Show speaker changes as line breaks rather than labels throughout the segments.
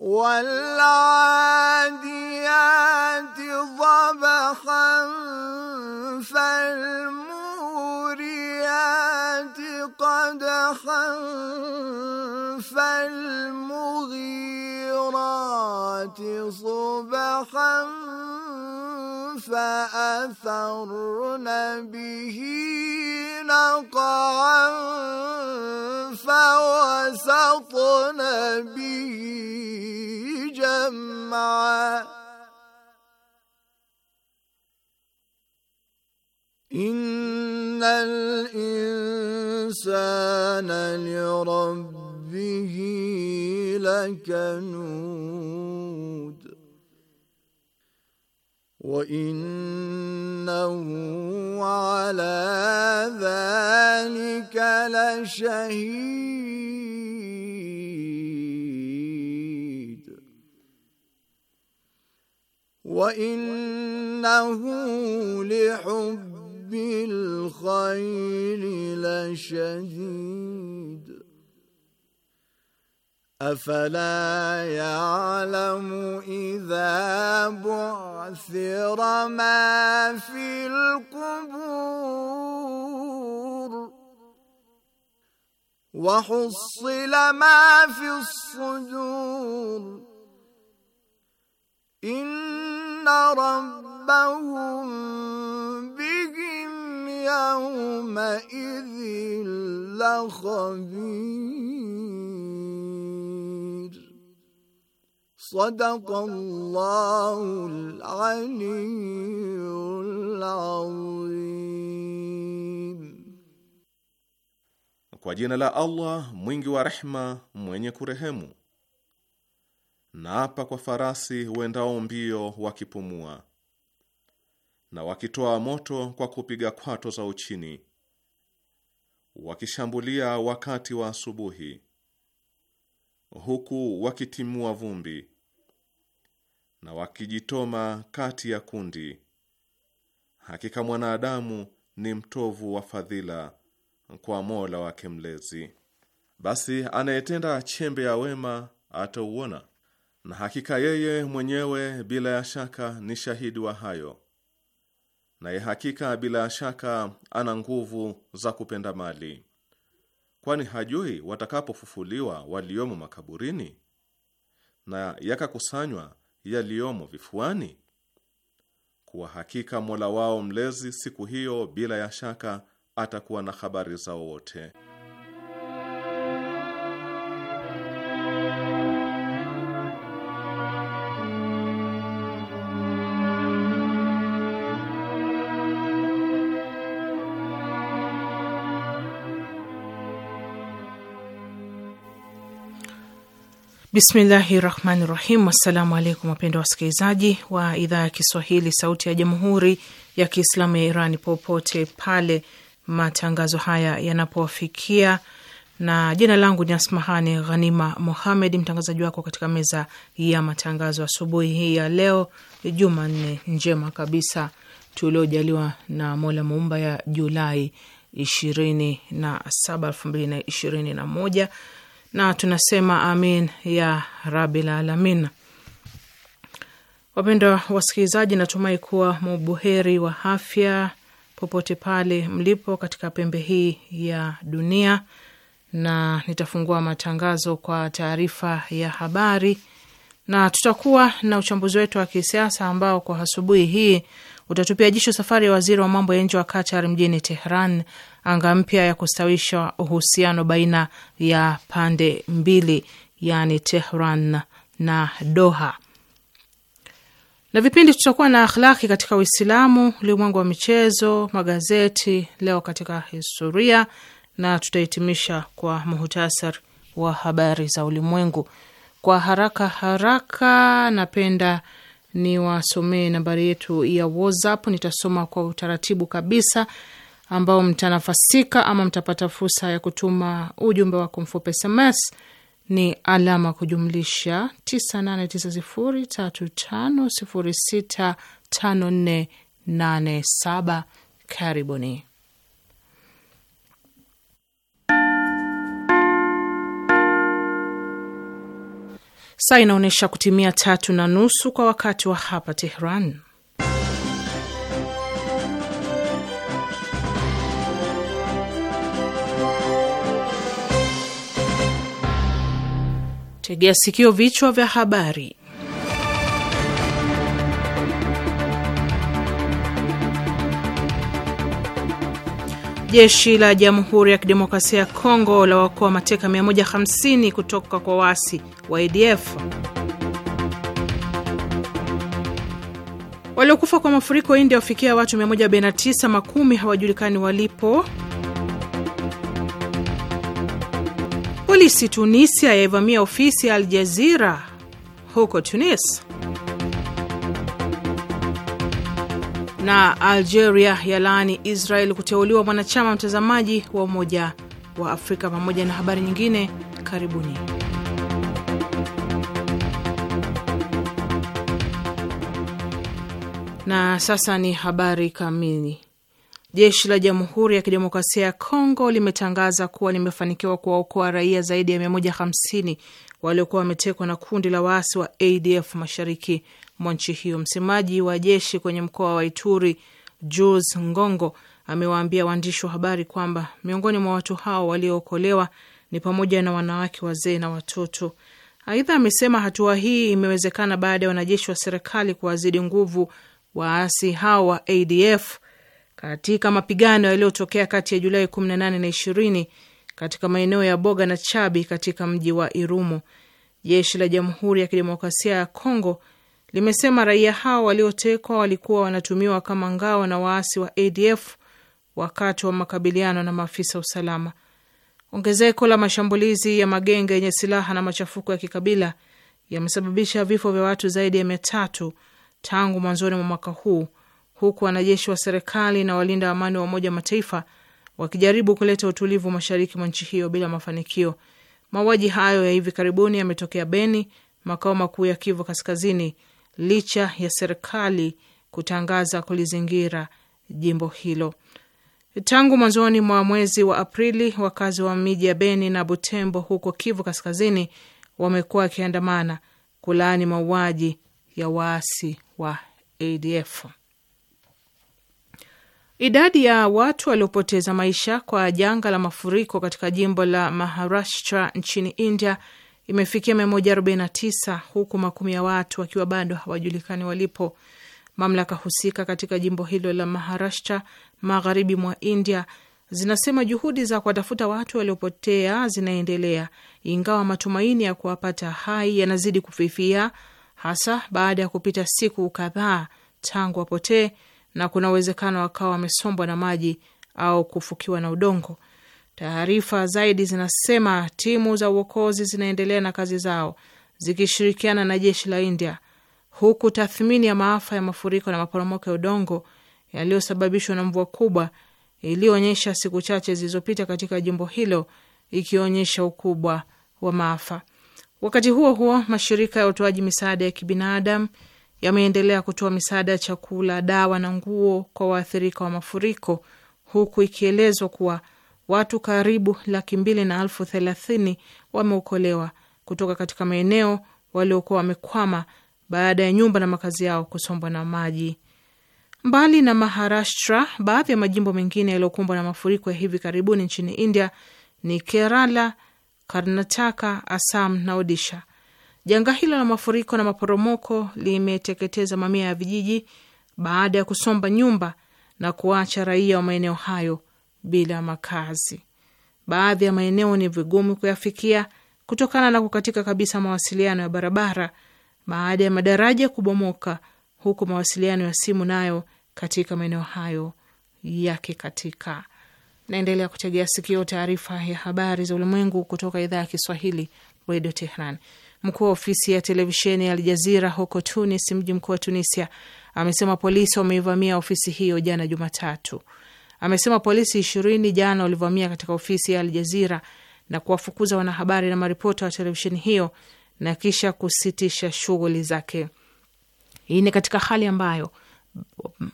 والعاديات ضبحا فالموريات قدحا فالمغيرات صبحا فأثرن به نقعا فوسطن به جمعا إن الإنسان لربه لكنود وإنه على ذلك لشهيد وإنه لحب الخير لشديد أفلا يعلم إذا بعثر ما في القبور وحصل ما في الصدور إن ربهم بهم يومئذ لخبير صدق الله العلي العظيم
Kwa jina la Allah mwingi wa rehma mwenye kurehemu. Naapa kwa farasi wendao mbio wakipumua na wakitoa moto kwa kupiga kwato za uchini, wakishambulia wakati wa asubuhi, huku wakitimua vumbi na wakijitoma kati ya kundi. Hakika mwanadamu ni mtovu wa fadhila kwa Mola wake Mlezi. Basi anayetenda chembe ya wema atauona, na hakika yeye mwenyewe bila ya shaka ni shahidi wa hayo, naye hakika bila ya shaka ana nguvu za kupenda mali, kwani hajui watakapofufuliwa waliomo makaburini na yakakusanywa yaliyomo vifuani? Kwa hakika Mola wao mlezi siku hiyo bila ya shaka atakuwa na habari zao wote.
Bismillahi rahmani rahim. Assalamu alaikum wapendwa wasikilizaji wa idhaa ya Kiswahili sauti ya jamhuri ya Kiislamu ya Iran popote pale matangazo haya yanapofikia, na jina langu ni Asmahani Ghanima muhamed mtangazaji wako katika meza ya matangazo asubuhi hii ya leo Jumanne njema kabisa tuliojaliwa na Mola Muumba ya Julai ishirini na saba elfu mbili na ishirini na moja na tunasema amin ya rabil alamin. Wapendwa wasikilizaji, natumai kuwa mubuheri wa afya popote pale mlipo katika pembe hii ya dunia, na nitafungua matangazo kwa taarifa ya habari na tutakuwa na uchambuzi wetu wa kisiasa ambao kwa asubuhi hii utatupia jisho safari ya waziri wa mambo ya nje wa Qatar mjini Tehran, anga mpya ya kustawisha uhusiano baina ya pande mbili, yani Tehran na Doha. Na vipindi tutakuwa na akhlaki katika Uislamu, ulimwengu wa michezo, magazeti, leo katika historia, na tutahitimisha kwa muhtasar wa habari za ulimwengu. Kwa haraka haraka, napenda ni wasomee nambari yetu ya WhatsApp. Nitasoma kwa utaratibu kabisa ambao mtanafasika ama mtapata fursa ya kutuma ujumbe wako mfupi SMS ni alama kujumlisha 989035065487. Karibuni. Saa inaonyesha kutimia tatu na nusu kwa wakati wa hapa Tehran. Tegea sikio, vichwa vya habari. Jeshi la Jamhuri ya Kidemokrasia ya Kongo la wakoa mateka 150 kutoka kwa waasi wa ADF. Waliokufa kwa mafuriko India wafikia watu 149, makumi hawajulikani walipo. Polisi Tunisia yaivamia ofisi ya Al Jazira huko Tunis. na Algeria yalaani Israel kuteuliwa mwanachama mtazamaji wa Umoja wa Afrika, pamoja na habari nyingine. Karibuni. Na sasa ni habari kamili. Jeshi la Jamhuri ya Kidemokrasia ya Kongo limetangaza kuwa limefanikiwa kuwaokoa raia zaidi ya 150 waliokuwa wametekwa na kundi la waasi wa ADF mashariki mwa nchi hiyo. Msemaji wa jeshi kwenye mkoa wa Ituri, Jules Ngongo, amewaambia waandishi wa habari kwamba miongoni mwa watu hao waliookolewa ni pamoja na wanawake, wazee na watoto. Aidha amesema hatua hii imewezekana baada ya wanajeshi wa serikali kuwazidi nguvu waasi hao wa ADF katika mapigano yaliyotokea kati ya Julai 18 na 20 katika maeneo ya Boga na Chabi katika mji wa Irumu. Jeshi la Jamhuri ya Kidemokrasia ya Kongo limesema raia hao waliotekwa walikuwa wanatumiwa kama ngao na waasi wa ADF wakati wa makabiliano na maafisa usalama. Ongezeko la mashambulizi ya magenge yenye silaha na machafuko ya kikabila yamesababisha vifo vya watu zaidi ya mia tatu tangu mwanzoni mwa mwaka huu, huku wanajeshi wa serikali na walinda amani wa Umoja Mataifa wakijaribu kuleta utulivu mashariki mwa nchi hiyo bila mafanikio. Mauaji hayo ya hivi karibuni yametokea Beni, makao makuu ya Kivu Kaskazini, licha ya serikali kutangaza kulizingira jimbo hilo. Tangu mwanzoni mwa mwezi wa Aprili, wakazi wa miji ya Beni na Butembo huko Kivu Kaskazini wamekuwa wakiandamana kulaani mauaji ya waasi wa ADF. Idadi ya watu waliopoteza maisha kwa janga la mafuriko katika jimbo la Maharashtra nchini India imefikia 149 huku makumi ya watu wakiwa bado hawajulikani walipo. Mamlaka husika katika jimbo hilo la Maharashtra, magharibi mwa India, zinasema juhudi za kuwatafuta watu waliopotea zinaendelea, ingawa matumaini ya kuwapata hai yanazidi kufifia, hasa baada ya kupita siku kadhaa tangu wapotee, na kuna uwezekano wakawa wamesombwa na maji au kufukiwa na udongo. Taarifa zaidi zinasema timu za uokozi zinaendelea na kazi zao zikishirikiana na jeshi la India, huku tathmini ya maafa ya mafuriko na maporomoko ya udongo yaliyosababishwa na mvua kubwa iliyoonyesha siku chache zilizopita katika jimbo hilo ikionyesha ukubwa wa maafa. Wakati huo huo, mashirika ya utoaji misaada ya kibinadamu yameendelea kutoa misaada ya chakula, dawa na nguo kwa waathirika wa mafuriko, huku ikielezwa kuwa watu karibu laki mbili na elfu thelathini wameokolewa kutoka katika maeneo waliokuwa wamekwama baada ya nyumba na makazi yao kusombwa na maji. Mbali na Maharashtra, baadhi ya majimbo mengine yaliyokumbwa na mafuriko ya hivi karibuni nchini India ni Kerala, Karnataka, Assam na Odisha. Janga hilo la mafuriko na maporomoko limeteketeza mamia ya vijiji baada ya kusomba nyumba na kuacha raia wa maeneo hayo bila makazi. Baadhi ya maeneo ni vigumu kuyafikia kutokana na kukatika kabisa mawasiliano ya barabara baada ya madaraja kubomoka, huku mawasiliano ya simu nayo katika maeneo hayo yakikatika. Naendelea kutegea sikio taarifa ya habari za ulimwengu kutoka idhaa ya Kiswahili, Redio Tehran. Mkuu wa ofisi ya televisheni ya Aljazira huko Tunis, mji mkuu wa Tunisia, amesema polisi wameivamia ofisi hiyo jana Jumatatu amesema polisi ishirini jana walivamia katika ofisi ya Aljazira na kuwafukuza wanahabari na maripota wa televisheni hiyo na kisha kusitisha shughuli zake. Hii ni katika hali ambayo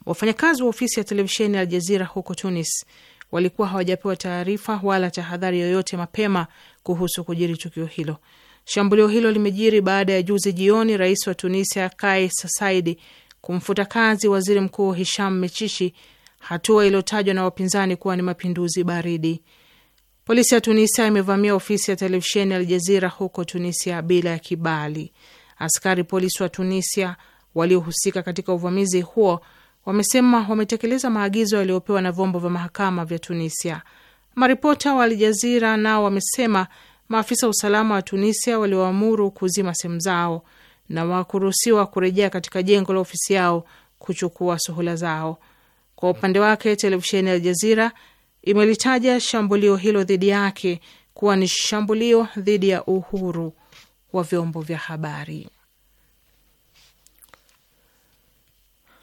wafanyakazi wa ofisi ya televisheni ya Aljazira huko Tunis walikuwa hawajapewa taarifa wala tahadhari yoyote mapema kuhusu kujiri tukio hilo. Shambulio hilo limejiri baada ya juzi jioni rais wa Tunisia Kais Saied kumfuta kazi waziri mkuu Hisham Mechichi hatua iliyotajwa na wapinzani kuwa ni mapinduzi baridi. Polisi ya Tunisia imevamia ofisi ya televisheni Aljazira huko Tunisia bila ya kibali. Askari polisi wa Tunisia waliohusika katika uvamizi huo wamesema wametekeleza maagizo yaliyopewa na vyombo vya mahakama vya Tunisia. Maripota wa Aljazira nao wamesema maafisa wa usalama wa Tunisia walioamuru kuzima simu zao na wakuruhusiwa kurejea katika jengo la ofisi yao kuchukua suhula zao. Kwa upande wake, televisheni ya Aljazira imelitaja shambulio hilo dhidi yake kuwa ni shambulio dhidi ya uhuru wa vyombo vya habari.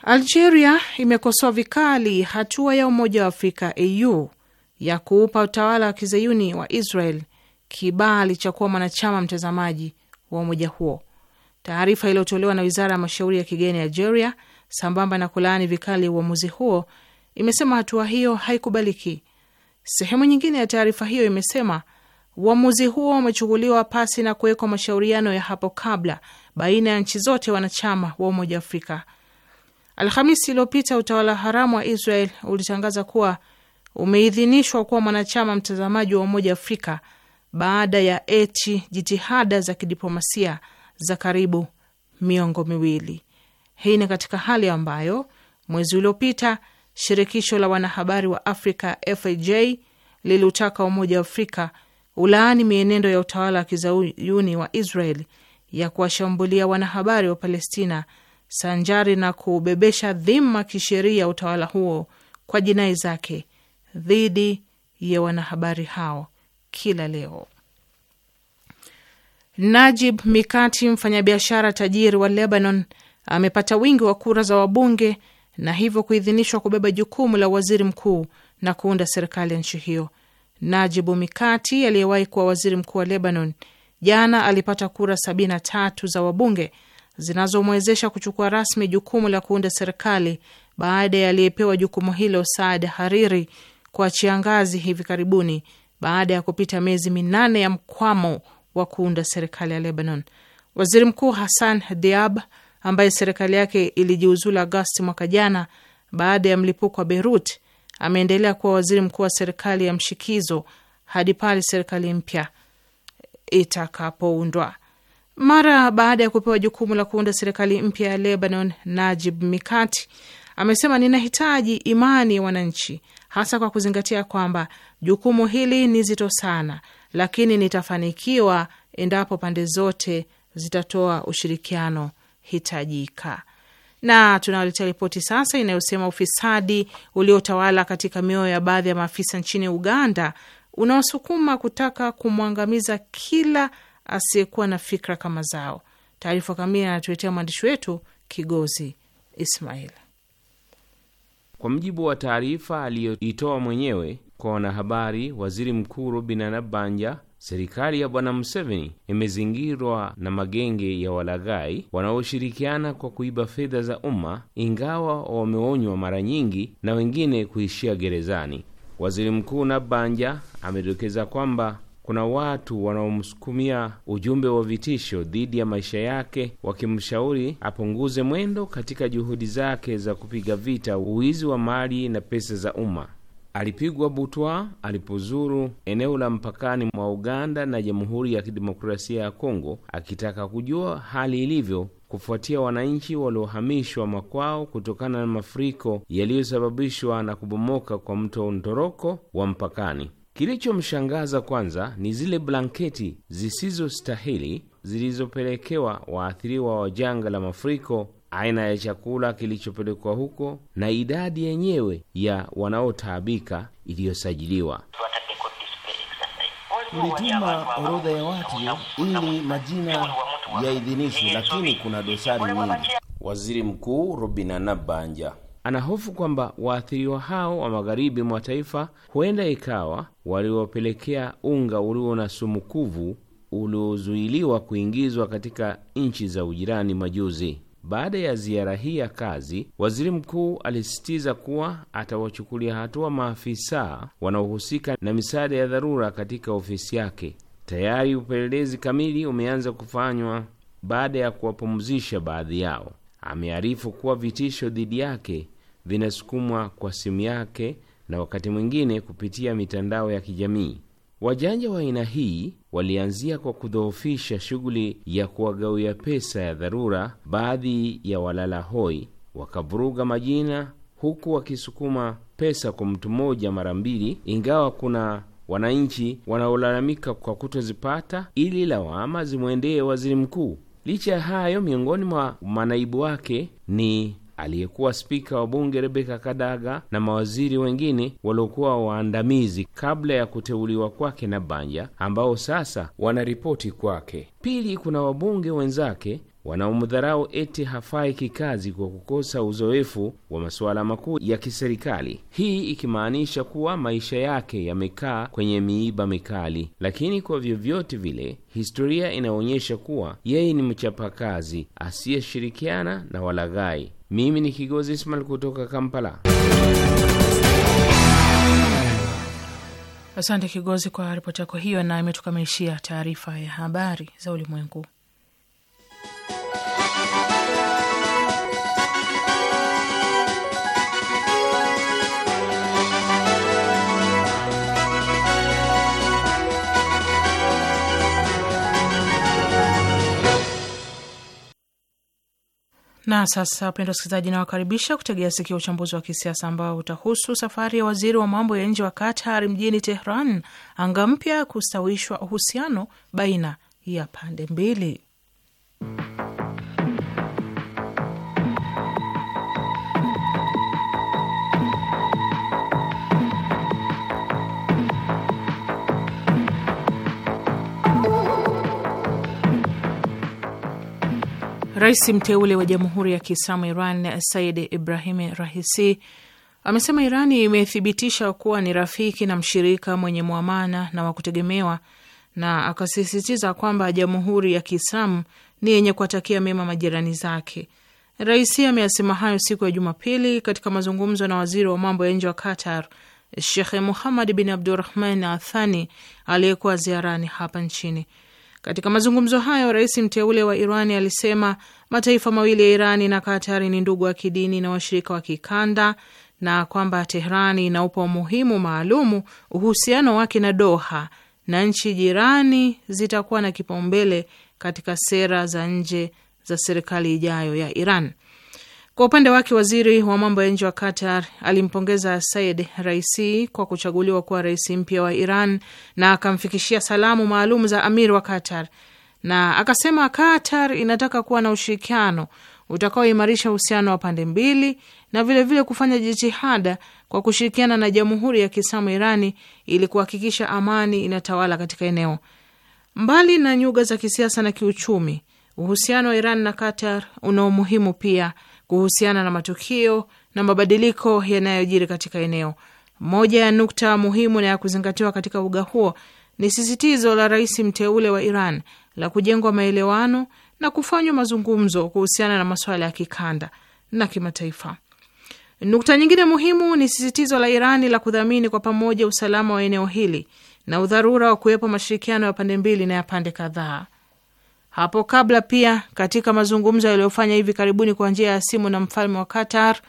Algeria imekosoa vikali hatua ya Umoja wa Afrika au ya kuupa utawala wa kizayuni wa Israel kibali cha kuwa mwanachama mtazamaji wa umoja huo. Taarifa iliyotolewa na wizara ya mashauri ya kigeni ya Algeria sambamba na kulaani vikali uamuzi huo, imesema hatua hiyo haikubaliki. Sehemu nyingine ya taarifa hiyo imesema uamuzi huo umechukuliwa pasi na kuwekwa mashauriano ya hapo kabla baina ya nchi zote wanachama wa Umoja wa Afrika. Alhamisi iliyopita utawala haramu wa Israel ulitangaza kuwa umeidhinishwa kuwa mwanachama mtazamaji wa Umoja wa Afrika baada ya eti jitihada za kidiplomasia za karibu miongo miwili. Hii ni katika hali ambayo mwezi uliopita shirikisho la wanahabari wa Afrika FAJ liliutaka Umoja wa Afrika ulaani mienendo ya utawala wa kizayuni wa Israel ya kuwashambulia wanahabari wa Palestina sanjari na kuubebesha dhima kisheria utawala huo kwa jinai zake dhidi ya wanahabari hao kila leo. Najib Mikati, mfanyabiashara tajiri wa Lebanon, amepata wingi wa kura za wabunge na hivyo kuidhinishwa kubeba jukumu la waziri mkuu na kuunda serikali ya nchi hiyo. Najibu Mikati aliyewahi kuwa waziri mkuu wa Lebanon jana alipata kura 73 za wabunge zinazomwezesha kuchukua rasmi jukumu la kuunda serikali baada ya aliyepewa jukumu hilo Saad Hariri kuachia ngazi hivi karibuni baada ya kupita miezi minane ya mkwamo wa kuunda serikali ya Lebanon. Waziri Mkuu Hassan Diab ambaye serikali yake ilijiuzulu Agosti mwaka jana baada ya mlipuko wa Beirut, ameendelea kuwa waziri mkuu wa serikali ya mshikizo hadi pale serikali mpya itakapoundwa. Mara baada ya kupewa jukumu la kuunda serikali mpya ya Lebanon, Najib Mikati amesema ninahitaji imani ya wananchi, hasa kwa kuzingatia kwamba jukumu hili ni zito sana, lakini nitafanikiwa endapo pande zote zitatoa ushirikiano hitajika. Na tunawaletea ripoti sasa inayosema ufisadi uliotawala katika mioyo ya baadhi ya maafisa nchini Uganda unaosukuma kutaka kumwangamiza kila asiyekuwa na fikra kama zao. Taarifa kamili anatuletea mwandishi wetu Kigozi Ismail.
Kwa mujibu wa taarifa aliyoitoa mwenyewe kwa wanahabari, waziri mkuu Robinah Nabbanja Serikali ya Bwana Museveni imezingirwa na magenge ya walaghai wanaoshirikiana kwa kuiba fedha za umma, ingawa wameonywa mara nyingi na wengine kuishia gerezani. Waziri Mkuu banja amedokeza kwamba kuna watu wanaomsukumia ujumbe wa vitisho dhidi ya maisha yake, wakimshauri apunguze mwendo katika juhudi zake za kupiga vita uwizi wa mali na pesa za umma. Alipigwa butwa alipozuru eneo la mpakani mwa Uganda na Jamhuri ya Kidemokrasia ya Kongo akitaka kujua hali ilivyo kufuatia wananchi waliohamishwa makwao kutokana na mafuriko yaliyosababishwa na kubomoka kwa mto Ntoroko wa mpakani. Kilichomshangaza kwanza ni zile blanketi zisizostahili zilizopelekewa waathiriwa wa janga la mafuriko aina ya chakula kilichopelekwa huko na idadi yenyewe ya wanaotaabika iliyosajiliwa. ulituma orodha ya watu ili majina yaidhinishwe, lakini kuna dosari nyingi. Waziri Mkuu Robin Anabanja anahofu kwamba waathiriwa hao wa magharibi mwa taifa huenda ikawa waliwapelekea unga ulio na sumukuvu uliozuiliwa kuingizwa katika nchi za ujirani majuzi. Baada ya ziara hii ya kazi, waziri mkuu alisisitiza kuwa atawachukulia hatua maafisa wanaohusika na misaada ya dharura katika ofisi yake. Tayari upelelezi kamili umeanza kufanywa baada ya kuwapumzisha baadhi yao. Amearifu kuwa vitisho dhidi yake vinasukumwa kwa simu yake na wakati mwingine kupitia mitandao ya kijamii. Wajanja wa aina hii walianzia kwa kudhoofisha shughuli ya kuwagawia pesa ya dharura baadhi ya walala hoi, wakavuruga majina, huku wakisukuma pesa kwa mtu mmoja mara mbili, ingawa kuna wananchi wanaolalamika kwa kutozipata ili lawama zimwendee waziri mkuu. Licha ya hayo, miongoni mwa manaibu wake ni aliyekuwa spika wa bunge Rebeka Kadaga na mawaziri wengine waliokuwa waandamizi kabla ya kuteuliwa kwake na Banja, ambao sasa wanaripoti kwake. Pili, kuna wabunge wenzake wanaomdharau eti hafai kikazi kwa kukosa uzoefu wa masuala makuu ya kiserikali, hii ikimaanisha kuwa maisha yake yamekaa kwenye miiba mikali. Lakini kwa vyovyote vile, historia inaonyesha kuwa yeye ni mchapakazi asiyeshirikiana na walaghai. Mimi ni Kigozi Ismail kutoka Kampala.
Asante Kigozi kwa ripoti yako hiyo, na imetukamilishia taarifa ya habari za ulimwengu. Na sasa wapendwa wasikilizaji, nawakaribisha kutegea sikio uchambuzi wa kisiasa ambao utahusu safari ya waziri wa mambo ya nje wa Qatar mjini Tehran, anga mpya kustawishwa uhusiano baina ya pande mbili. Rais mteule wa Jamhuri ya Kiislamu Iran Said Ibrahim Rahisi amesema Irani imethibitisha kuwa ni rafiki na mshirika mwenye mwamana na wa kutegemewa, na akasisitiza kwamba Jamhuri ya Kiislamu ni yenye kuwatakia mema majirani zake. Raisi ameyasema hayo siku ya Jumapili katika mazungumzo na waziri wa mambo ya nje wa Qatar Shekhe Muhammad bin Abdurahman Athani aliyekuwa ziarani hapa nchini. Katika mazungumzo hayo, rais mteule wa Irani alisema mataifa mawili ya Irani na Katari ni ndugu wa kidini na washirika wa kikanda na kwamba Tehrani inaupa umuhimu maalumu uhusiano wake na Doha na nchi jirani zitakuwa na kipaumbele katika sera za nje za serikali ijayo ya Iran. Kwa upande wake waziri wa mambo ya nje wa Qatar alimpongeza Said Raisi kwa kuchaguliwa kuwa rais mpya wa Iran na akamfikishia salamu maalum za amir wa Qatar na akasema Qatar inataka kuwa na ushirikiano utakaoimarisha uhusiano wa pande mbili na vilevile vile kufanya jitihada kwa kushirikiana na Jamhuri ya Kiislamu Irani ili kuhakikisha amani inatawala katika eneo. Mbali na nyuga za kisiasa na kiuchumi, uhusiano wa Iran na Qatar una umuhimu pia kuhusiana na matukio na mabadiliko yanayojiri katika eneo. Moja ya nukta muhimu na ya kuzingatiwa katika uga huo ni sisitizo la rais mteule wa Iran la kujengwa maelewano na kufanywa mazungumzo kuhusiana na masuala ya kikanda na kimataifa. Nukta nyingine muhimu ni sisitizo la Irani la kudhamini kwa pamoja usalama wa eneo hili na udharura wa kuwepo mashirikiano ya pande mbili na ya pande kadhaa. Hapo kabla pia, katika mazungumzo yaliyofanya hivi karibuni kwa njia ya simu na mfalme wa Qatar,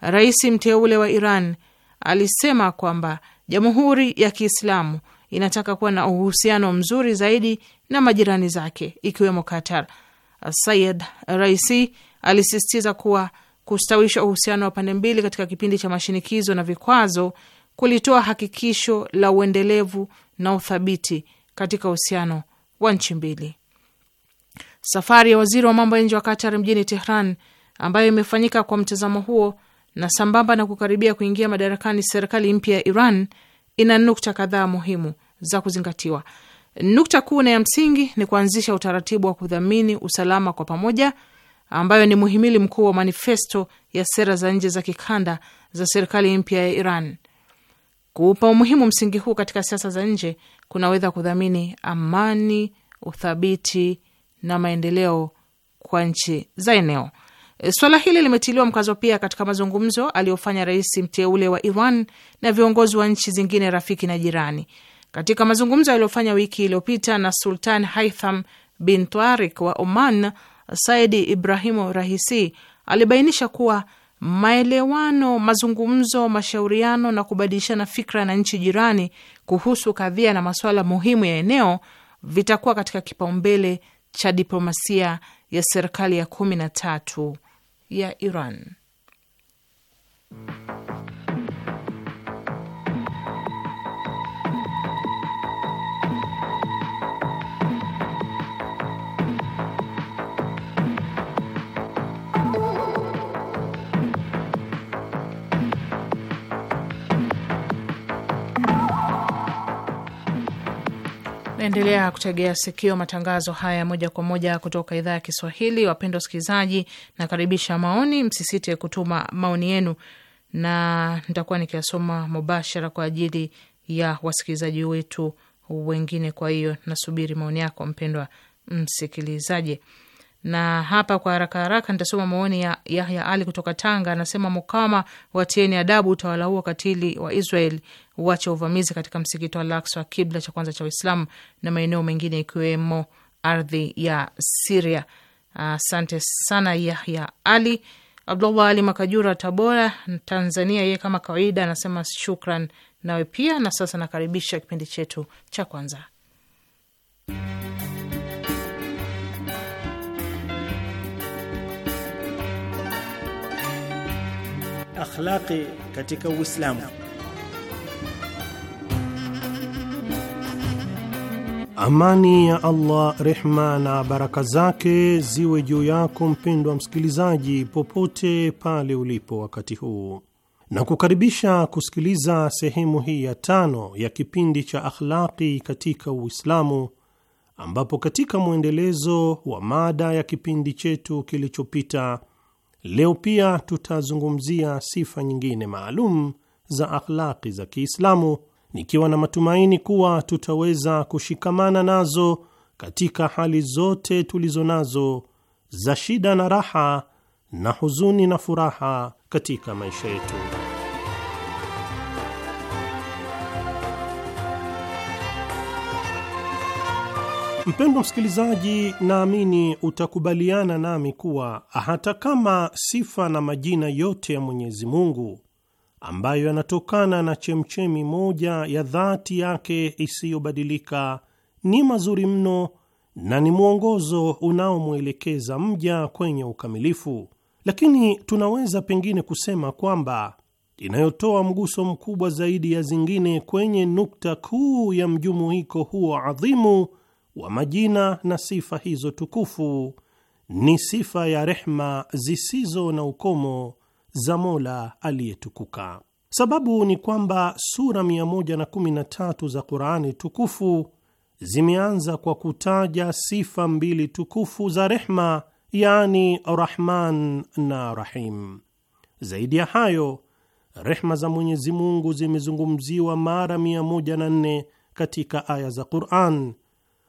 rais mteule wa Iran alisema kwamba Jamhuri ya Kiislamu inataka kuwa na uhusiano mzuri zaidi na majirani zake ikiwemo Qatar. Sayed Raisi alisisitiza kuwa kustawisha uhusiano wa pande mbili katika kipindi cha mashinikizo na vikwazo kulitoa hakikisho la uendelevu na uthabiti katika uhusiano wa nchi mbili. Safari ya waziri wa mambo ya nje wa Qatar mjini Tehran, ambayo imefanyika kwa mtazamo huo na sambamba na kukaribia kuingia madarakani serikali mpya ya Iran, ina nukta kadhaa muhimu za kuzingatiwa. Nukta kuu na ya msingi ni kuanzisha utaratibu wa kudhamini usalama kwa pamoja, ambayo ni muhimili mkuu wa manifesto ya sera za nje za kikanda za serikali mpya ya Iran. Kuupa umuhimu msingi huu katika siasa za nje kunaweza kudhamini amani, uthabiti na maendeleo kwa nchi za eneo. E, swala hili limetiliwa mkazo pia katika mazungumzo aliyofanya rais mteule wa Iran na viongozi wa nchi zingine rafiki na jirani. Katika mazungumzo aliyofanya wiki iliyopita na Sultan Haitham bin Tarik wa Oman, Saidi Ibrahimu Rahisi alibainisha kuwa maelewano, mazungumzo, mashauriano na kubadilishana fikra na nchi jirani kuhusu kadhia na masuala muhimu ya eneo vitakuwa katika kipaumbele cha diplomasia ya serikali ya kumi na tatu ya Iran. Endelea kutegea sikio matangazo haya moja kwa moja kutoka idhaa ya Kiswahili. Wapendwa wasikilizaji, nakaribisha maoni, msisite kutuma maoni yenu na nitakuwa nikiyasoma mubashara kwa ajili ya wasikilizaji wetu wengine. Kwa hiyo nasubiri maoni yako, mpendwa msikilizaji na hapa kwa haraka haraka nitasoma maoni ya Yahya Ali kutoka Tanga. Anasema mukama watieni adabu utawala huo katili wa Israel, uache uvamizi katika msikiti wa Al-Aqsa, kibla cha kwanza cha Uislamu na maeneo mengine ikiwemo ardhi ya Siria. Asante uh, sana Yahya Ali. Abdullah Ali Makajura, Tabora, Tanzania, yeye kama kawaida anasema shukran nawe pia. Na sasa nakaribisha kipindi chetu cha kwanza
akhlaqi katika Uislamu.
Amani ya Allah, rehma na baraka zake ziwe juu yako mpendwa msikilizaji, popote pale ulipo wakati huu, na kukaribisha kusikiliza sehemu hii ya tano ya kipindi cha akhlaqi katika Uislamu, ambapo katika mwendelezo wa mada ya kipindi chetu kilichopita Leo pia tutazungumzia sifa nyingine maalum za akhlaqi za Kiislamu, nikiwa na matumaini kuwa tutaweza kushikamana nazo katika hali zote tulizo nazo za shida na raha na huzuni na furaha katika maisha yetu. Mpendwa msikilizaji, naamini utakubaliana nami kuwa hata kama sifa na majina yote ya Mwenyezi Mungu ambayo yanatokana na chemchemi moja ya dhati yake isiyobadilika ni mazuri mno na ni mwongozo unaomwelekeza mja kwenye ukamilifu, lakini tunaweza pengine kusema kwamba inayotoa mguso mkubwa zaidi ya zingine kwenye nukta kuu ya mjumuiko huo adhimu wa majina na sifa hizo tukufu ni sifa ya rehma zisizo na ukomo za Mola aliyetukuka. Sababu ni kwamba sura 113 za Qur'ani tukufu zimeanza kwa kutaja sifa mbili tukufu za rehma, yani Rahman na Rahim. Zaidi ya hayo, rehma za Mwenyezi Mungu zimezungumziwa mara 104 katika aya za Qur'an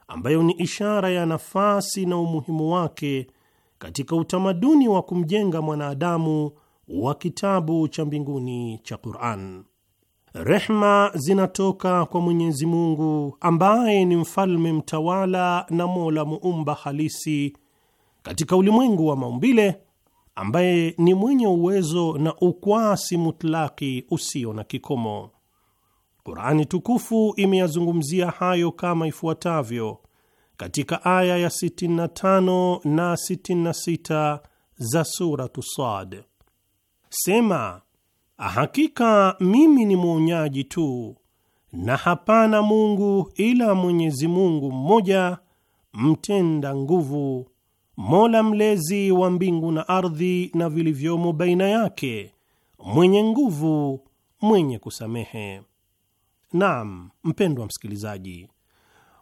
ambayo ni ishara ya nafasi na umuhimu wake katika utamaduni wa kumjenga mwanadamu wa kitabu cha mbinguni cha Qur'an. Rehma zinatoka kwa Mwenyezi Mungu ambaye ni mfalme mtawala na Mola muumba halisi katika ulimwengu wa maumbile, ambaye ni mwenye uwezo na ukwasi mutlaki usio na kikomo. Qurani tukufu imeyazungumzia hayo kama ifuatavyo katika aya ya 65 na 66 za Suratu Sad: Sema, hakika mimi ni muonyaji tu, na hapana Mungu ila Mwenyezi Mungu mmoja, mtenda nguvu, mola mlezi wa mbingu na ardhi na vilivyomo baina yake, mwenye nguvu, mwenye kusamehe. Naam, mpendwa msikilizaji,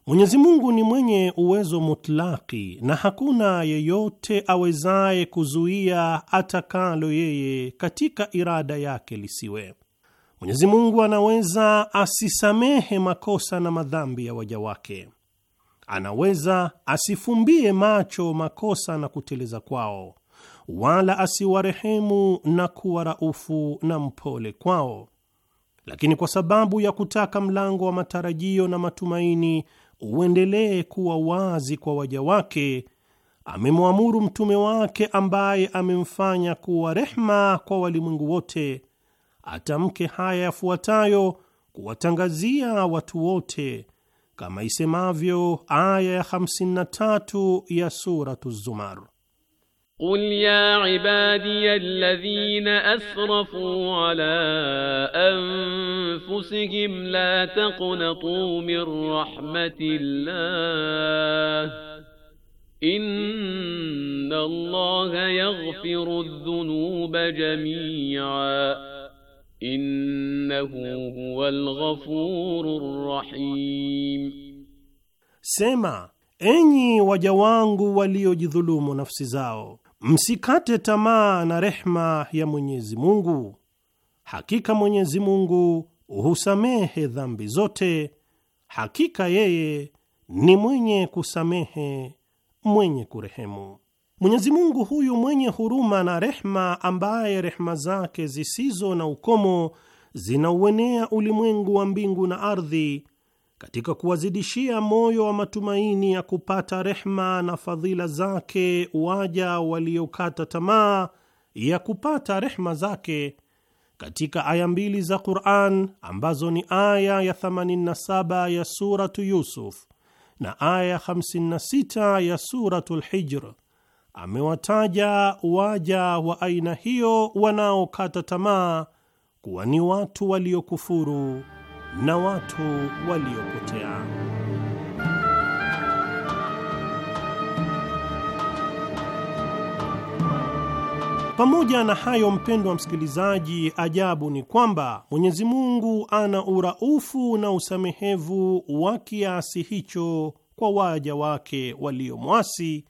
Mwenyezi Mungu ni mwenye uwezo mutlaki na hakuna yeyote awezaye kuzuia atakalo yeye katika irada yake lisiwe. Mwenyezi Mungu anaweza asisamehe makosa na madhambi ya waja wake, anaweza asifumbie macho makosa na kuteleza kwao, wala asiwarehemu na kuwa raufu na mpole kwao lakini kwa sababu ya kutaka mlango wa matarajio na matumaini uendelee kuwa wazi kwa waja wake, amemwamuru mtume wake ambaye amemfanya kuwa rehma kwa walimwengu wote, atamke haya yafuatayo kuwatangazia watu wote, kama isemavyo aya ya 53 ya Suratu Zumar:
قل يا عبادي الذين أسرفوا على أنفسهم لا تقنطوا من رحمة الله إن الله يغفر الذنوب جميعا إنه هو
الغفور الرحيم
سمع اني وجوانغ wangu waliojidhulumu زاو msikate tamaa na rehma ya Mwenyezi Mungu, hakika Mwenyezi Mungu husamehe dhambi zote, hakika yeye ni mwenye kusamehe, mwenye kurehemu. Mwenyezi Mungu huyu mwenye huruma na rehma, ambaye rehma zake zisizo na ukomo zinauenea ulimwengu wa mbingu na ardhi katika kuwazidishia moyo wa matumaini ya kupata rehma na fadhila zake waja waliokata tamaa ya kupata rehma zake katika aya mbili za Qur'an ambazo ni aya ya 87 ya suratu Yusuf na aya 56 ya suratu lhijr amewataja waja wa aina hiyo wanaokata tamaa kuwa ni watu waliokufuru na watu waliopotea. Pamoja na hayo, mpendwa msikilizaji, ajabu ni kwamba Mwenyezi Mungu ana uraufu na usamehevu wa kiasi hicho kwa waja wake waliomwasi,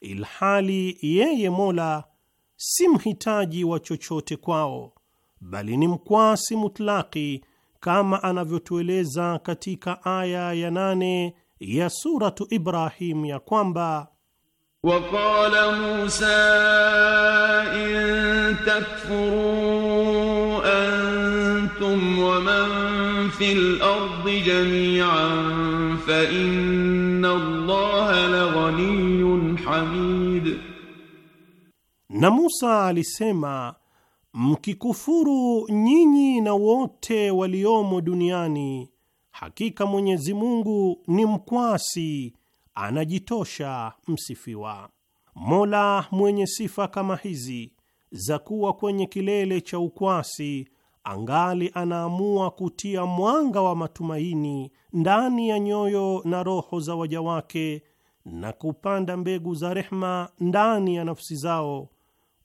ilhali yeye Mola si mhitaji wa chochote kwao, bali ni mkwasi mutlaki kama anavyotueleza katika aya ya nane ya Suratu Ibrahim ya kwamba
waqala
Musa in
takfuru antum wa man fil ardi jami'an fa inna Allah la laghaniyyun hamid,
na Musa alisema mkikufuru nyinyi na wote waliomo duniani, hakika Mwenyezi Mungu ni mkwasi, anajitosha msifiwa. Mola mwenye sifa kama hizi za kuwa kwenye kilele cha ukwasi angali anaamua kutia mwanga wa matumaini ndani ya nyoyo na roho za waja wake na kupanda mbegu za rehma ndani ya nafsi zao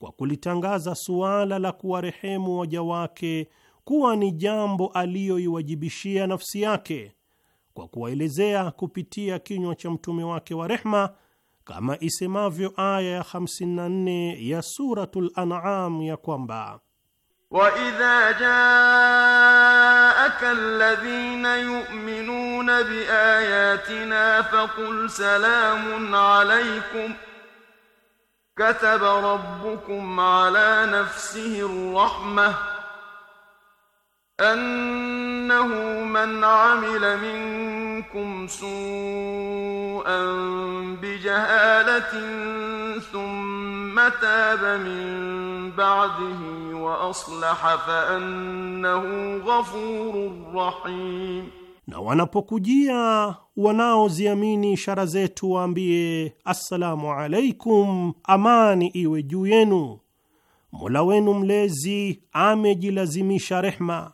kwa kulitangaza suala la kuwarehemu waja wake kuwa ni jambo aliyoiwajibishia nafsi yake kwa kuwaelezea kupitia kinywa cha mtume wake wa rehma kama isemavyo aya ya 54 ya Suratul An'am ya kwamba
وَإِذَا jaaka الَّذِينَ yu'minuna بِآيَاتِنَا فَقُلْ سَلَامٌ عَلَيْكُمْ كتب ربكم على نفسه الرحمة أنه من عمل منكم سوءا بجهالة ثم تاب من بعده وأصلح فأنه غفور
رحيم na wanapokujia wanaoziamini ishara zetu waambie, assalamu alaikum, amani iwe juu yenu. Mola wenu mlezi amejilazimisha rehma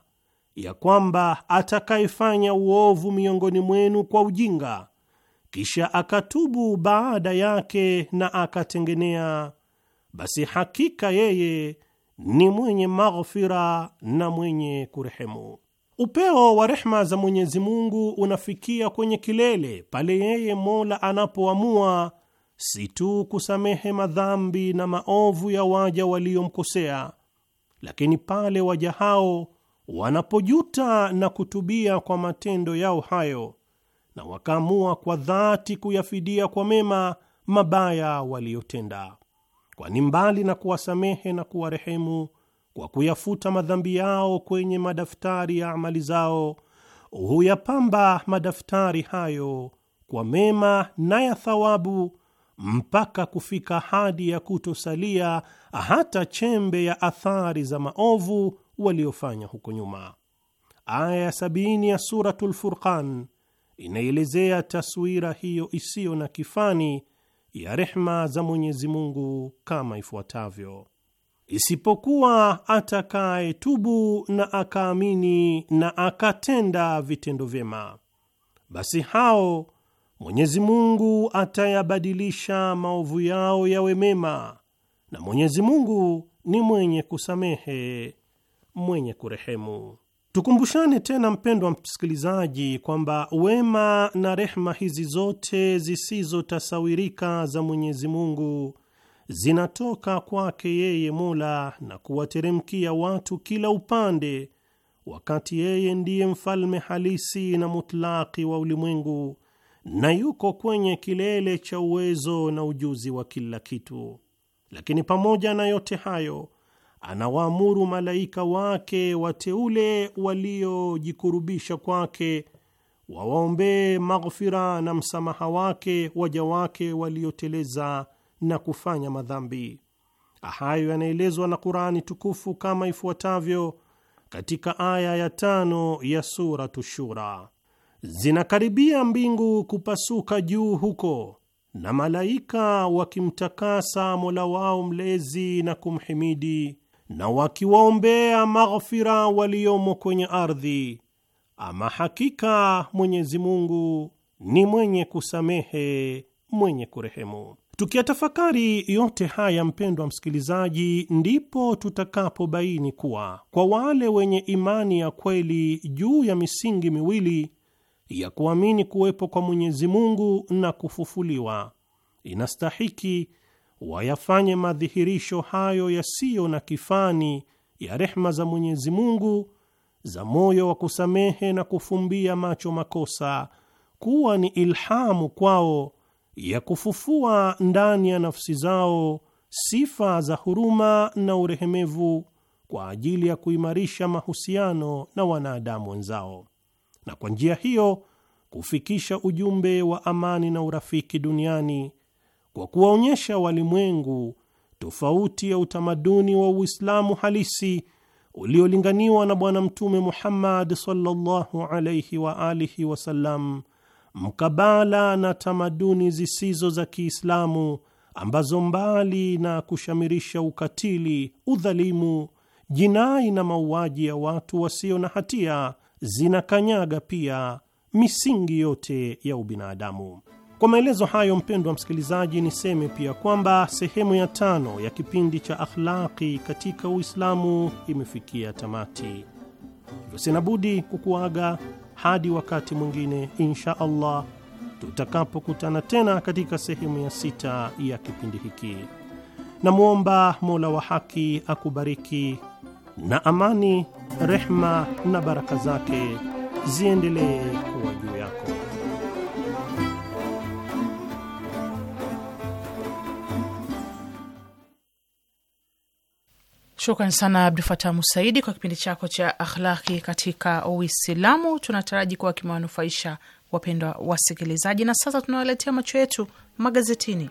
ya kwamba atakayefanya uovu miongoni mwenu kwa ujinga kisha akatubu baada yake na akatengenea, basi hakika yeye ni mwenye maghfira na mwenye kurehemu. Upeo wa rehma za Mwenyezi Mungu unafikia kwenye kilele pale yeye Mola anapoamua si tu kusamehe madhambi na maovu ya waja waliomkosea, lakini pale waja hao wanapojuta na kutubia kwa matendo yao hayo na wakaamua kwa dhati kuyafidia kwa mema mabaya waliyotenda, kwani mbali na kuwasamehe na kuwarehemu kwa kuyafuta madhambi yao kwenye madaftari ya amali zao, huyapamba madaftari hayo kwa mema na ya thawabu mpaka kufika hadi ya kutosalia hata chembe ya athari za maovu waliofanya huko nyuma. Aya ya sabini ya Suratul Furqan inaelezea taswira hiyo isiyo na kifani ya rehma za Mwenyezi Mungu kama ifuatavyo: isipokuwa tubu na akaamini na akatenda vitendo vyema, basi hao Mwenyezi Mungu atayabadilisha maovu yao yawe mema, na Mwenyezi Mungu ni mwenye kusamehe, mwenye kurehemu. Tukumbushane tena mpendwa msikilizaji, kwamba wema na rehma hizi zote zisizotasawirika za Mwenyezi Mungu zinatoka kwake yeye Mola na kuwateremkia watu kila upande, wakati yeye ndiye mfalme halisi na mutlaki wa ulimwengu na yuko kwenye kilele cha uwezo na ujuzi wa kila kitu. Lakini pamoja na yote hayo, anawaamuru malaika wake wateule waliojikurubisha kwake wawaombee maghfira na msamaha wake waja wake walioteleza na kufanya madhambi. Hayo yanaelezwa na Qurani tukufu kama ifuatavyo katika aya ya tano ya Suratu Shura: zinakaribia mbingu kupasuka juu huko na malaika wakimtakasa Mola wao mlezi na kumhimidi na wakiwaombea maghfira waliomo kwenye ardhi. Ama hakika Mwenyezi Mungu ni mwenye kusamehe mwenye kurehemu. Tukiyatafakari yote haya, mpendwa msikilizaji, ndipo tutakapobaini kuwa kwa wale wenye imani ya kweli juu ya misingi miwili ya kuamini kuwepo kwa Mwenyezi Mungu na kufufuliwa, inastahiki wayafanye madhihirisho hayo yasiyo na kifani ya rehma za Mwenyezi Mungu za moyo wa kusamehe na kufumbia macho makosa kuwa ni ilhamu kwao ya kufufua ndani ya nafsi zao sifa za huruma na urehemevu kwa ajili ya kuimarisha mahusiano na wanadamu wenzao, na kwa njia hiyo kufikisha ujumbe wa amani na urafiki duniani kwa kuwaonyesha walimwengu tofauti ya utamaduni wa Uislamu halisi uliolinganiwa na Bwana Mtume Muhammad sallallahu alaihi wa alihi wasallam mkabala na tamaduni zisizo za Kiislamu ambazo mbali na kushamirisha ukatili, udhalimu, jinai na mauaji ya watu wasio na hatia zinakanyaga pia misingi yote ya ubinadamu. Kwa maelezo hayo, mpendwa msikilizaji, niseme pia kwamba sehemu ya tano ya kipindi cha Akhlaqi katika Uislamu imefikia tamati, hivyo sina budi kukuaga hadi wakati mwingine insha Allah tutakapokutana tena katika sehemu ya sita ya kipindi hiki. Namwomba Mola wa haki akubariki na amani, rehma na baraka zake ziendelee kuwa juu yako.
Shukran sana Abdu Fatah Musaidi kwa kipindi chako cha akhlaki katika Uislamu. Tunataraji kuwa kimewanufaisha wapendwa wasikilizaji, na sasa tunawaletea macho yetu magazetini.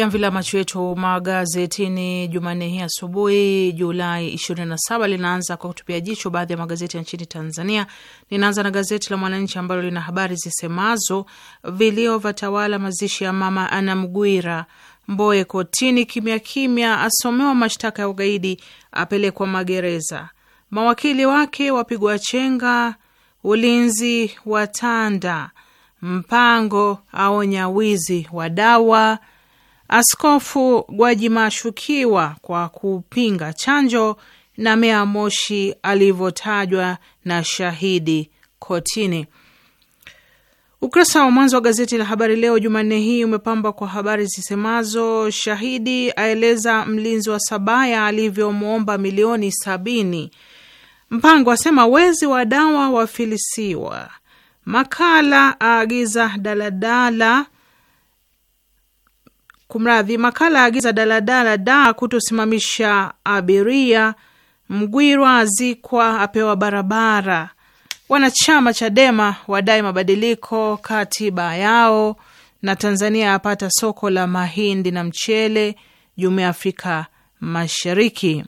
jamvi la macho yetu magazetini Jumanne hii asubuhi, Julai 27 linaanza kwa kutupia jicho baadhi ya magazeti ya nchini Tanzania. Linaanza na gazeti la Mwananchi ambalo lina habari zisemazo: vilio vatawala mazishi ya mama Mgwira, Mboye kotini kimya kimya, asomewa mashtaka ya ugaidi, apelekwa magereza, mawakili wake wapigwa chenga, ulinzi watanda, Mpango aonya wizi wa dawa Askofu Gwajima ashukiwa kwa kupinga chanjo na Mea Moshi alivyotajwa na shahidi kotini. Ukurasa wa mwanzo wa gazeti la Habari Leo Jumanne hii umepambwa kwa habari zisemazo: shahidi aeleza mlinzi wa Sabaya alivyomwomba milioni sabini, Mpango asema wezi wa dawa wafilisiwa, Makala aagiza daladala Kumradhi, makala agiza daladala da kutosimamisha abiria. Mgwirwa azikwa apewa barabara. Wanachama Chadema wadai mabadiliko katiba yao, na Tanzania apata soko la mahindi na mchele Jumuiya ya Afrika Mashariki.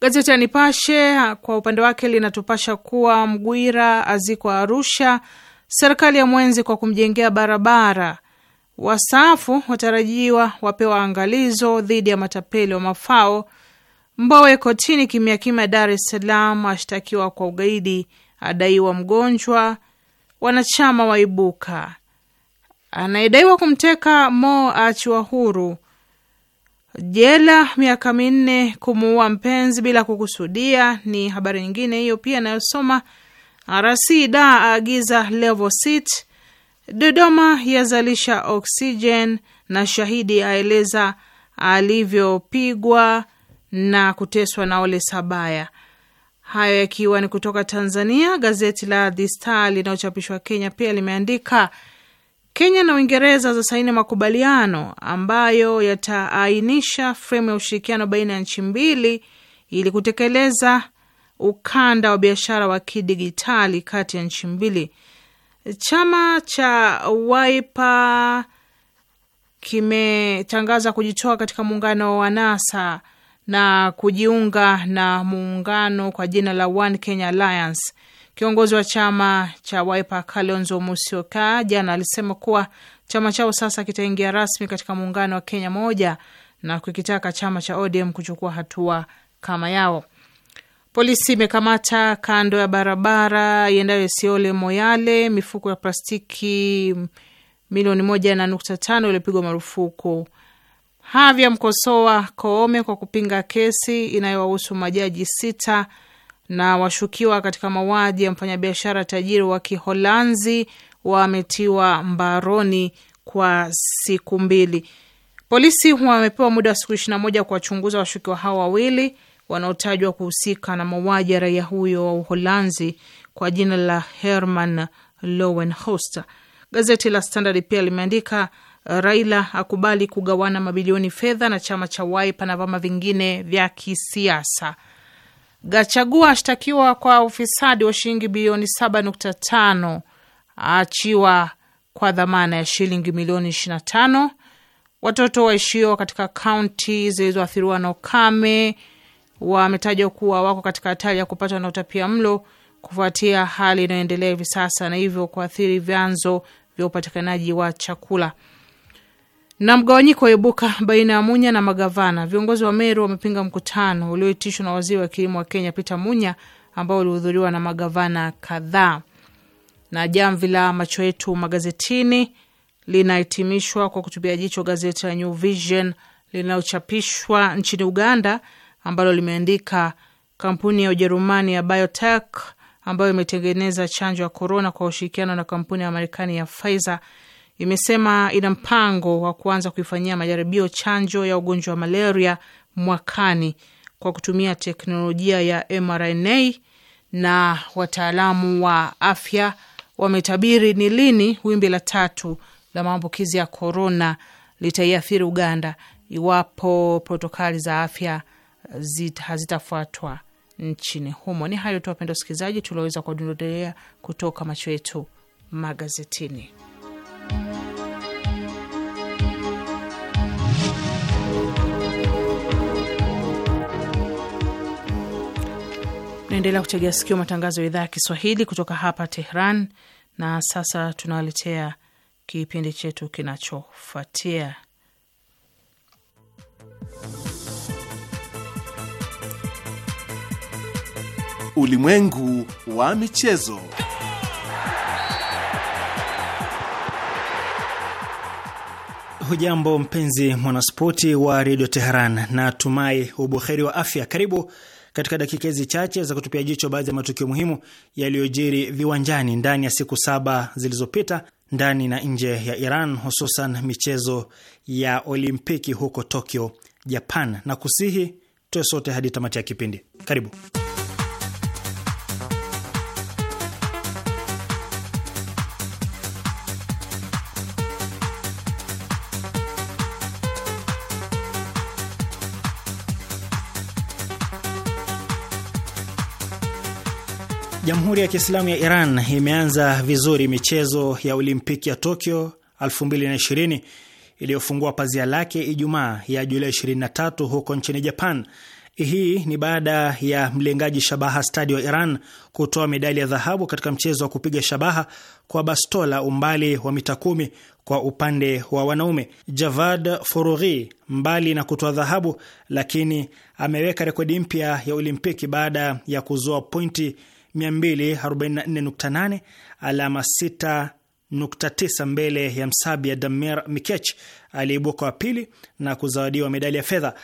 Gazeti ya Nipashe kwa upande wake linatupasha kuwa Mgwira azikwa Arusha, serikali ya mwenzi kwa kumjengea barabara Wastaafu watarajiwa wapewa angalizo dhidi ya matapeli wa mafao. Mbowe kotini kimya kimya Dar es Salaam, ashtakiwa kwa ugaidi, adaiwa mgonjwa. Wanachama waibuka. Anayedaiwa kumteka Mo achiwa huru. Jela miaka minne kumuua mpenzi bila kukusudia ni habari nyingine hiyo pia inayosoma. RC da aagiza level sit Dodoma yazalisha oksijen na shahidi aeleza alivyopigwa na kuteswa na Ole Sabaya. Hayo yakiwa ni kutoka Tanzania. Gazeti la The Star linalochapishwa Kenya pia limeandika Kenya na Uingereza za saini makubaliano ambayo yataainisha fremu ya ushirikiano baina ya nchi mbili ili kutekeleza ukanda wa biashara wa kidigitali kati ya nchi mbili. Chama cha waipa kimetangaza kujitoa katika muungano wa NASA na kujiunga na muungano kwa jina la One Kenya Alliance. Kiongozi wa chama cha waipa Kalonzo Musyoka jana alisema kuwa chama chao sasa kitaingia rasmi katika muungano wa Kenya moja na kukitaka chama cha ODM kuchukua hatua kama yao. Polisi imekamata kando ya barabara iendayo Siole Moyale mifuko ya plastiki milioni moja na nukta tano iliyopigwa marufuku. Havya mkosoa Koome kwa kupinga kesi inayowahusu majaji sita na washukiwa katika mauaji ya mfanyabiashara tajiri wa Kiholanzi wametiwa mbaroni kwa siku mbili. Polisi wamepewa muda wa siku ishirini na moja kuwachunguza washukiwa hao wawili wanaotajwa kuhusika na mauaji ya raia huyo wa Uholanzi kwa jina la Herman Lowenhorst. Gazeti la Standard pia limeandika Raila akubali kugawana mabilioni fedha na chama cha Wiper na vyama vingine vya kisiasa. Gachagua ashtakiwa kwa ufisadi wa shilingi bilioni 7.5 aachiwa kwa dhamana ya shilingi milioni 25. Watoto waishio katika kaunti zilizoathiriwa na ukame wametajwa kuwa wako katika hatari ya kupatwa na utapia mlo kufuatia hali inayoendelea hivi sasa na hivyo kuathiri vyanzo vya upatikanaji wa chakula. Na mgawanyiko waibuka baina ya Munya na magavana. Viongozi wa Meru wamepinga mkutano ulioitishwa na waziri wa kilimo wa Kenya Peter Munya ambao ulihudhuriwa na magavana kadhaa. Na jamvi la macho yetu magazetini linahitimishwa kwa kutupia jicho gazeti la New Vision linalochapishwa nchini Uganda ambalo limeandika kampuni ya Ujerumani ya BioTech ambayo imetengeneza chanjo ya korona kwa ushirikiano na kampuni ya Marekani ya Pfizer imesema ina mpango wa kuanza kuifanyia majaribio chanjo ya ugonjwa wa malaria mwakani kwa kutumia teknolojia ya mRNA na wataalamu wa afya wametabiri ni lini wimbi la tatu la maambukizi ya korona litaiathiri Uganda iwapo protokali za afya hazitafuatwa nchini humo. Ni hayo tu wapenda wasikilizaji, tulioweza kuwadondolea kutoka macho yetu magazetini. Naendelea kutegea sikio matangazo ya idhaa ya Kiswahili kutoka hapa Tehran, na sasa tunawaletea kipindi chetu kinachofuatia
Ulimwengu wa
michezo. Hujambo mpenzi mwanaspoti wa redio Teheran na tumai ubuheri wa afya. Karibu katika dakika hizi chache za kutupia jicho baadhi ya matukio muhimu yaliyojiri viwanjani ndani ya siku saba zilizopita ndani na nje ya Iran, hususan michezo ya Olimpiki huko Tokyo, Japan, na kusihi tuwe sote hadi tamati ya kipindi. Karibu. Jamhuri ya Kiislamu ya Iran imeanza vizuri michezo ya Olimpiki ya Tokyo 2020 iliyofungua pazia lake Ijumaa ya Julai 23 huko nchini Japan. Hii ni baada ya mlengaji shabaha stadi wa Iran kutoa medali ya dhahabu katika mchezo wa kupiga shabaha kwa bastola umbali wa mita kumi kwa upande wa wanaume. Javad Forughi, mbali na kutoa dhahabu, lakini ameweka rekodi mpya ya Olimpiki baada ya kuzoa pointi 244.8 alama 6.9 mbele ya Msabia Damir Mikech aliyeibuka wa pili na kuzawadiwa medali ya fedha.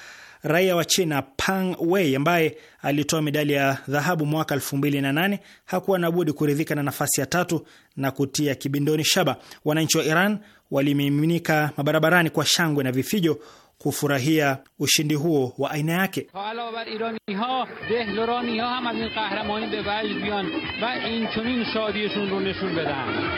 Raia wa China Pang Wei ambaye alitoa medali ya dhahabu mwaka 2008 hakuwa na budi kuridhika na nafasi ya tatu na kutia kibindoni shaba. Wananchi wa Iran walimiminika mabarabarani kwa shangwe na vifijo کوفهیه وشنده هو و عینکه
حال ایرانی ها ده را می ها هم از این قهره به ول مییان و اینتونین شادیشون رو نشون بدم.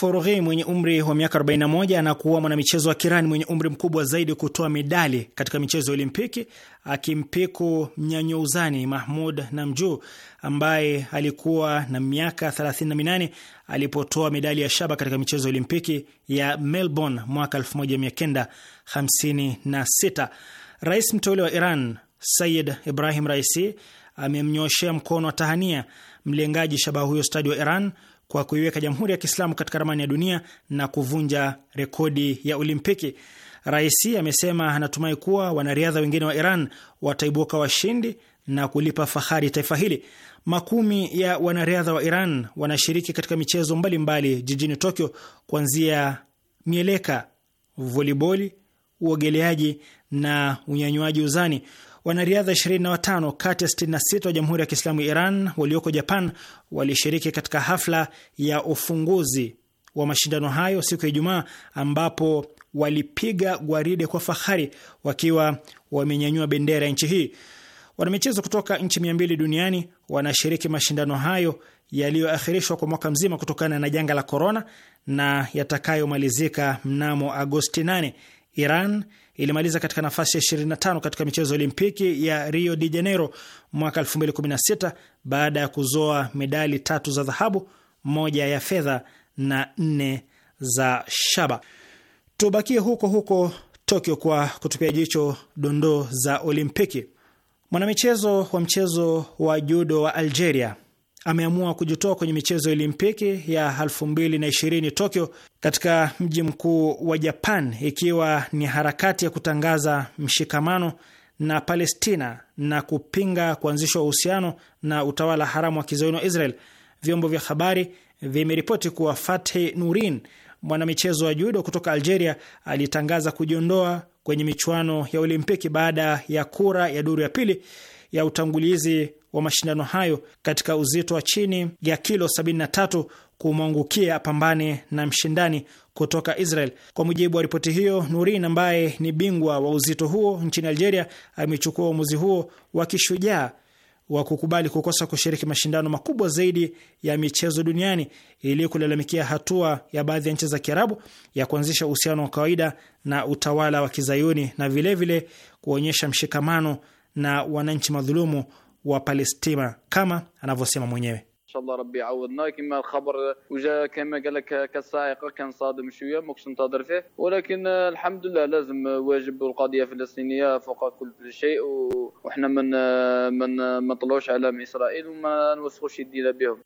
Foroghi mwenye umri wa miaka 41 anakuwa mwanamichezo wa Kirani mwenye umri mkubwa zaidi kutoa medali katika michezo ya Olimpiki, akimpiku mnyanyo uzani Mahmud Namju ambaye alikuwa na miaka 38 alipotoa medali ya shaba katika michezo ya Olimpiki ya Melbourne mwaka 1956. Rais mteule wa Iran Sayid Ibrahim Raisi amemnyoshea mkono wa tahania mlengaji shaba huyo stadi wa Iran kwa kuiweka Jamhuri ya Kiislamu katika ramani ya dunia na kuvunja rekodi ya Olimpiki. Raisi amesema anatumai kuwa wanariadha wengine wa Iran wataibuka washindi na kulipa fahari taifa hili. Makumi ya wanariadha wa Iran wanashiriki katika michezo mbalimbali mbali jijini Tokyo, kuanzia mieleka, voliboli, uogeleaji na unyanywaji uzani. Wanariadha 25 kati ya 66 wa Jamhuri ya Kiislamu ya Iran walioko Japan walishiriki katika hafla ya ufunguzi wa mashindano hayo siku ya Ijumaa, ambapo walipiga gwaride kwa fahari wakiwa wamenyanyua bendera ya nchi hii. Wanamichezo kutoka nchi mbili duniani wanashiriki mashindano hayo yaliyoakhirishwa kwa mwaka mzima kutokana na janga la korona na yatakayomalizika mnamo Agosti 8. Iran ilimaliza katika nafasi ya 25 katika michezo ya Olimpiki ya Rio de Janeiro mwaka 2016 baada ya kuzoa medali tatu za dhahabu, moja ya fedha na nne za shaba. Tubakie huko huko Tokyo kwa kutupia jicho dondoo za Olimpiki. Mwanamichezo wa mchezo wa judo wa Algeria ameamua kujitoa kwenye michezo ya Olimpiki ya 2020 Tokyo katika mji mkuu wa Japan, ikiwa ni harakati ya kutangaza mshikamano na Palestina na kupinga kuanzishwa uhusiano na utawala haramu wa kizayuni wa Israel. Vyombo vya habari vimeripoti kuwa Fathi Nurin, mwanamichezo wa judo kutoka Algeria, alitangaza kujiondoa kwenye michuano ya Olimpiki baada ya kura ya duru ya pili ya utangulizi wa mashindano hayo katika uzito wa chini ya kilo 73 kumwangukia pambane na mshindani kutoka Israel. Kwa mujibu wa ripoti hiyo, Nurin ambaye ni bingwa wa uzito huo nchini Algeria amechukua uamuzi huo wa kishujaa wa kukubali kukosa kushiriki mashindano makubwa zaidi ya michezo duniani ili kulalamikia hatua ya baadhi ya nchi za Kiarabu ya kuanzisha uhusiano wa kawaida na utawala wa Kizayuni na vilevile vile kuonyesha mshikamano na wananchi madhulumu wa Palestina kama anavyosema mwenyewe.
ان شاء الله ربي يعوضنا كما الخبر وجا كما قال لك كالصاعقه كان صادم شويه ما كنتش ننتظر فيه ولكن الحمد لله لازم واجب القضيه الفلسطينيه فوق كل شيء وحنا ما من, من, من نطلعوش على اسرائيل وما نوسخوش يدينا بهم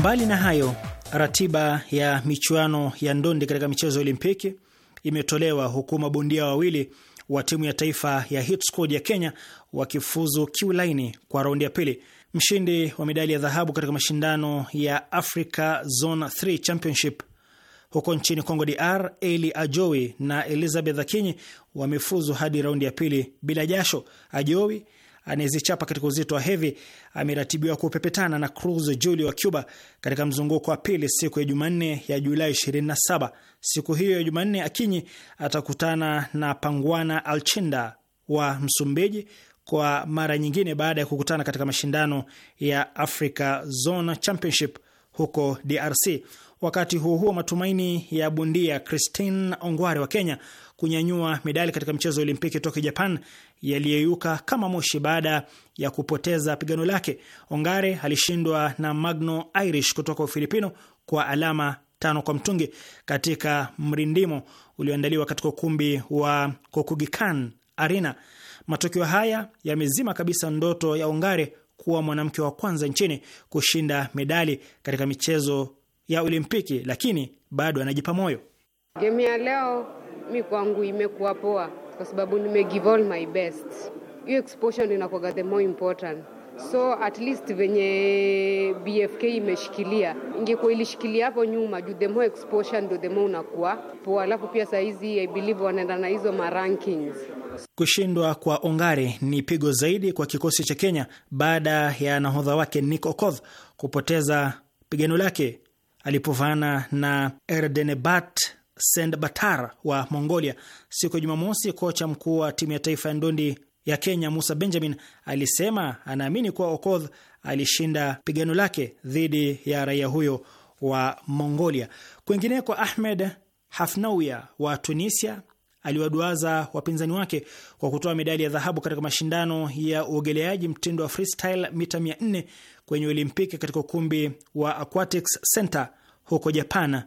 Mbali na hayo, ratiba ya michuano ya ndondi katika michezo ya Olimpiki imetolewa huku mabondia wawili wa timu ya taifa ya Hit Squad ya Kenya wakifuzu kiulaini kwa raundi ya pili. Mshindi wa medali ya dhahabu katika mashindano ya Africa Zone 3 Championship huko nchini Congo DR, Eli Ajowi na Elizabeth Akinyi wamefuzu hadi raundi ya pili bila jasho. Ajowi anayezichapa katika uzito wa hevi ameratibiwa kupepetana na Cruz Julio wa Cuba katika mzunguko wa pili siku ya Jumanne ya Julai 27. Siku hiyo ya Jumanne, Akinyi atakutana na Pangwana Alchinda wa Msumbiji kwa mara nyingine baada ya kukutana katika mashindano ya Africa Zone Championship huko DRC. Wakati huo huo, matumaini ya bundia Christine Ongware wa Kenya kunyanyua medali katika mchezo wa Olimpiki Tokyo, Japan yaliyeyuka kama moshi baada ya kupoteza pigano lake. Ongare alishindwa na Magno Irish kutoka Ufilipino kwa alama tano kwa mtungi katika mrindimo ulioandaliwa katika ukumbi wa Kokugikan Arena. Matokeo haya yamezima kabisa ndoto ya Ongare kuwa mwanamke wa kwanza nchini kushinda medali katika michezo ya Olimpiki, lakini bado anajipa moyo.
Gemu ya
leo mi kwangu imekuwa poa kwa sababu nime give all my best. Hiyo exposure ndio inakuwa the more important so at least venye BFK imeshikilia, ingekuwa ilishikilia hapo nyuma juu, the more exposure ndio the more unakuwa poa. Alafu pia saa hizi I believe wanaenda na hizo ma rankings.
Kushindwa kwa Ongare ni pigo zaidi kwa kikosi cha Kenya baada ya nahodha wake Nick Okoth kupoteza pigano lake alipovana na Erdenebat Sendbatar Batar wa Mongolia. Siku ya Jumamosi, kocha mkuu wa timu ya taifa ya ndondi ya Kenya Musa Benjamin alisema anaamini kuwa Okoth alishinda pigano lake dhidi ya raia huyo wa Mongolia. Kwingineko, Ahmed Hafnawia wa Tunisia aliwaduaza wapinzani wake kwa kutoa medali ya dhahabu katika mashindano ya uogeleaji mtindo wa freestyle mita 400 kwenye Olimpiki katika ukumbi wa Aquatics Center huko Japan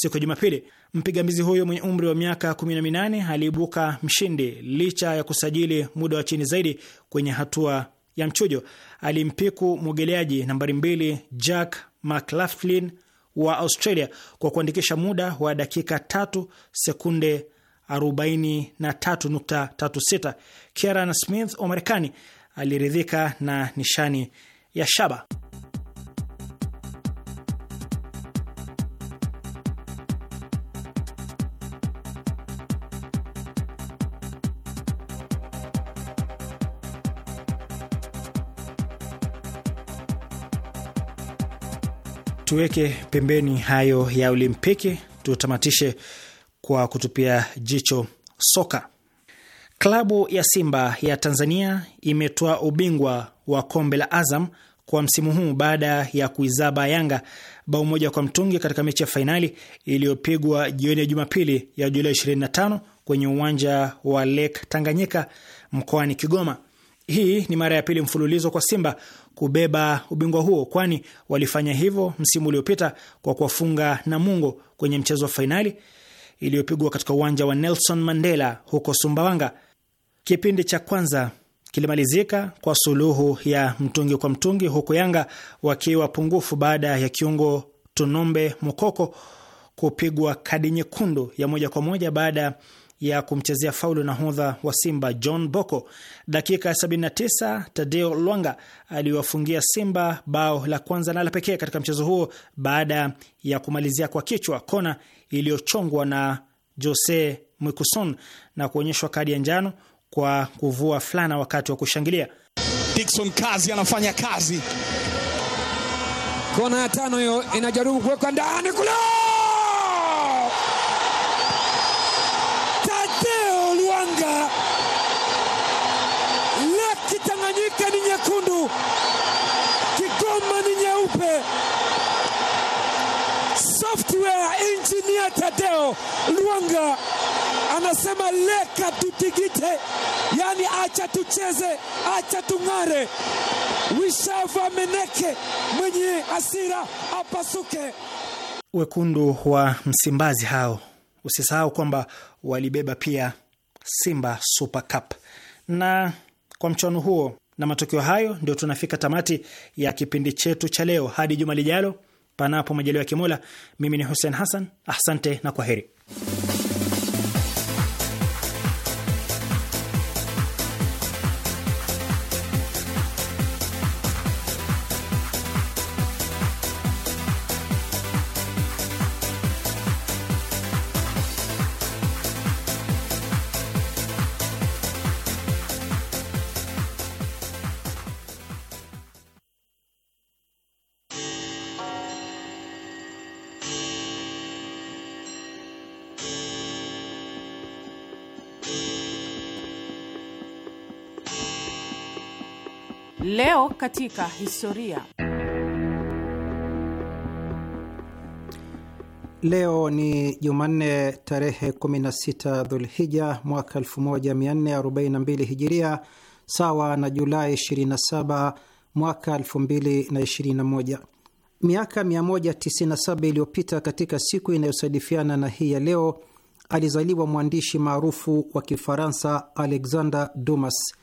siku ya Jumapili. mpigambizi huyo mwenye umri wa miaka 18 aliibuka mshindi licha ya kusajili muda wa chini zaidi kwenye hatua ya mchujo. Alimpiku mwogeleaji nambari mbili Jack McLaughlin wa Australia kwa kuandikisha muda wa dakika tatu sekunde 43.36. Kieran Smith wa Marekani aliridhika na nishani ya shaba. Tuweke pembeni hayo ya Olimpiki, tutamatishe kwa kutupia jicho soka. Klabu ya Simba ya Tanzania imetoa ubingwa wa kombe la Azam kwa msimu huu baada ya kuizaba Yanga bao moja kwa mtungi katika mechi ya fainali iliyopigwa jioni ya Jumapili ya Julai 25 kwenye uwanja wa Lake Tanganyika mkoani Kigoma. Hii ni mara ya pili mfululizo kwa Simba kubeba ubingwa huo, kwani walifanya hivyo msimu uliopita kwa kuwafunga Namungo kwenye mchezo wa fainali iliyopigwa katika uwanja wa Nelson Mandela huko Sumbawanga. Kipindi cha kwanza kilimalizika kwa suluhu ya mtungi kwa mtungi, huku Yanga wakiwa pungufu baada ya kiungo Tunombe mukoko kupigwa kadi nyekundu ya moja kwa moja baada ya kumchezea faulu nahodha wa Simba John Boko. Dakika ya 79 Tadeo Lwanga aliwafungia Simba bao la kwanza na la pekee katika mchezo huo baada ya kumalizia kwa kichwa kona iliyochongwa na Jose Mwikuson na kuonyeshwa kadi ya njano kwa kuvua fulana wakati wa kushangilia. Dickson kazi anafanya kazi, kona ya
tano hiyo inajaribu kuwekwa ndani kule software engineer Tadeo Luanga anasema leka tutigite, yani acha tucheze, acha tung'are, wishava mwenye asira apasuke.
Wekundu wa Msimbazi hao, usisahau kwamba walibeba pia Simba Super Cup, na kwa mchuano huo na matokeo hayo ndio tunafika tamati ya kipindi chetu cha leo. Hadi juma lijalo, panapo majaliwa ya Kimola, mimi ni Hussein Hassan, asante na kwa heri
katika historia.
Leo ni Jumanne tarehe 16 Dhulhija mwaka 1442 Hijiria, sawa na Julai 27 mwaka 2021. Miaka 197 iliyopita katika siku inayosadifiana na hii ya leo, alizaliwa mwandishi maarufu wa Kifaransa Alexander Dumas.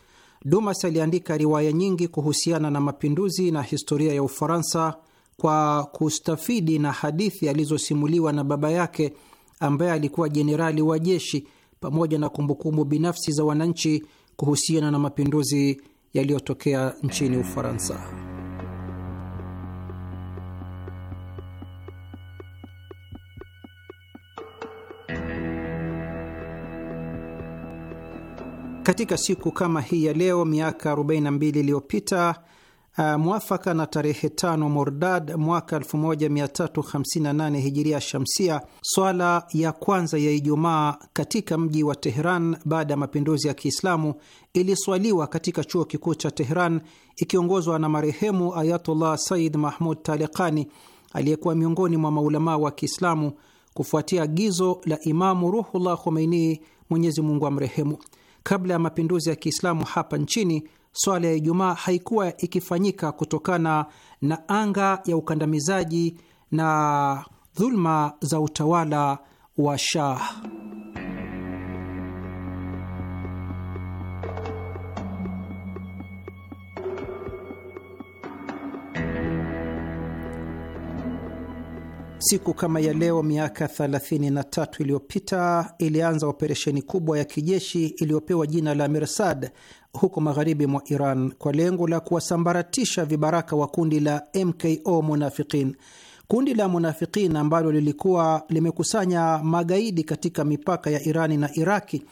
Dumas aliandika riwaya nyingi kuhusiana na mapinduzi na historia ya Ufaransa kwa kustafidi na hadithi alizosimuliwa na baba yake ambaye alikuwa jenerali wa jeshi pamoja na kumbukumbu binafsi za wananchi kuhusiana na mapinduzi yaliyotokea nchini Ufaransa. Katika siku kama hii ya leo miaka 42 iliyopita, uh, mwafaka na tarehe tano Mordad mwaka 1358 hijiria shamsia, swala ya kwanza ya Ijumaa katika mji wa Teheran baada ya mapinduzi ya Kiislamu iliswaliwa katika chuo kikuu cha Teheran ikiongozwa na marehemu Ayatullah Said Mahmud Taleqani aliyekuwa miongoni mwa maulamaa wa Kiislamu kufuatia agizo la Imamu Ruhullah Khomeini, Mwenyezi Mungu amrehemu kabla ya mapinduzi ya Kiislamu hapa nchini, swala ya Ijumaa haikuwa ikifanyika kutokana na anga ya ukandamizaji na dhuluma za utawala wa Shah. Siku kama ya leo miaka 33 iliyopita ilianza operesheni kubwa ya kijeshi iliyopewa jina la Mirsad huko magharibi mwa Iran kwa lengo la kuwasambaratisha vibaraka wa kundi la MKO Munafiqin. Kundi la Munafiqin ambalo lilikuwa limekusanya magaidi katika mipaka ya Irani na Iraki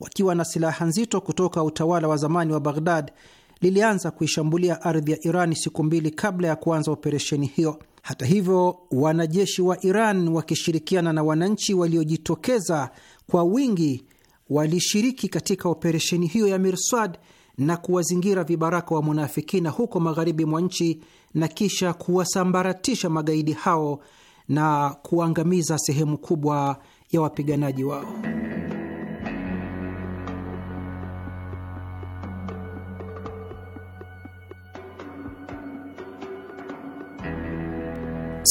wakiwa na silaha nzito kutoka utawala wa zamani wa Baghdad lilianza kuishambulia ardhi ya Irani siku mbili kabla ya kuanza operesheni hiyo. Hata hivyo, wanajeshi wa Iran wakishirikiana na wananchi waliojitokeza kwa wingi walishiriki katika operesheni hiyo ya Mirswad na kuwazingira vibaraka wa munafikina huko magharibi mwa nchi na kisha kuwasambaratisha magaidi hao na kuangamiza sehemu kubwa ya wapiganaji wao.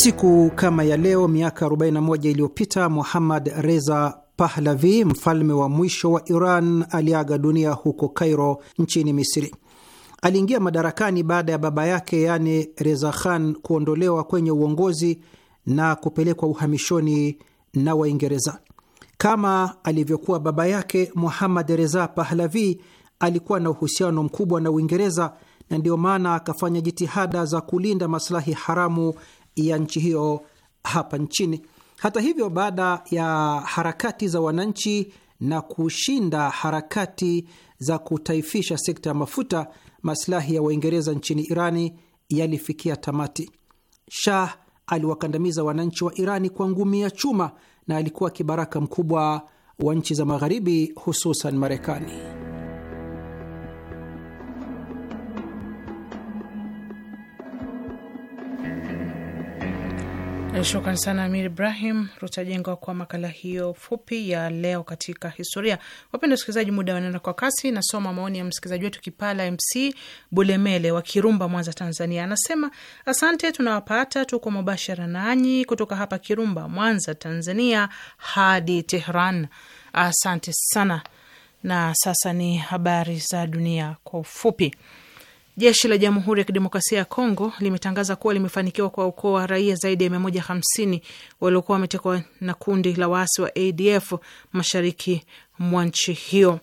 Siku kama ya leo miaka 41 iliyopita Muhammad Reza Pahlavi, mfalme wa mwisho wa Iran, aliaga dunia huko Cairo nchini Misri. Aliingia madarakani baada ya baba yake, yaani Reza Khan, kuondolewa kwenye uongozi na kupelekwa uhamishoni na Waingereza. Kama alivyokuwa baba yake, Muhammad Reza Pahlavi alikuwa na uhusiano mkubwa na Uingereza, na ndiyo maana akafanya jitihada za kulinda maslahi haramu ya nchi hiyo hapa nchini. Hata hivyo, baada ya harakati za wananchi na kushinda harakati za kutaifisha sekta ya mafuta, maslahi ya Waingereza nchini Irani yalifikia tamati. Shah aliwakandamiza wananchi wa Irani kwa ngumi ya chuma na alikuwa kibaraka mkubwa wa nchi za Magharibi, hususan Marekani.
Eh, shukran sana Amir Ibrahim Rutajengwa kwa makala hiyo fupi ya leo katika historia. Wapenda wasikilizaji, muda wanaenda kwa kasi. Nasoma maoni ya msikilizaji wetu Kipala MC Bulemele wa Kirumba, Mwanza, Tanzania. Anasema asante, tunawapata tuko mubashara nanyi kutoka hapa Kirumba, Mwanza, Tanzania hadi Tehran. Asante sana. Na sasa ni habari za dunia kwa ufupi. Jeshi la Jamhuri ya Kidemokrasia ya Kongo limetangaza kuwa limefanikiwa kwa ukoa raia zaidi ya 150 waliokuwa wametekwa na kundi la waasi wa ADF mashariki mwa nchi hiyo.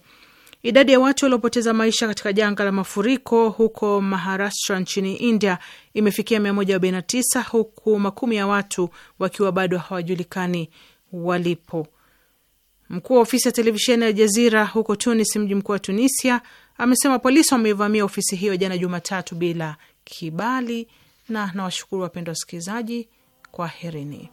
Idadi ya watu waliopoteza maisha katika janga la mafuriko huko Maharashtra nchini India imefikia 149 huku makumi ya watu wakiwa bado hawajulikani walipo. Mkuu wa ofisi ya televisheni ya Aljazira huko Tunis, mji mkuu wa Tunisia, amesema polisi wameivamia ofisi hiyo jana Jumatatu bila kibali, na nawashukuru wapendwa wasikilizaji, kwa herini.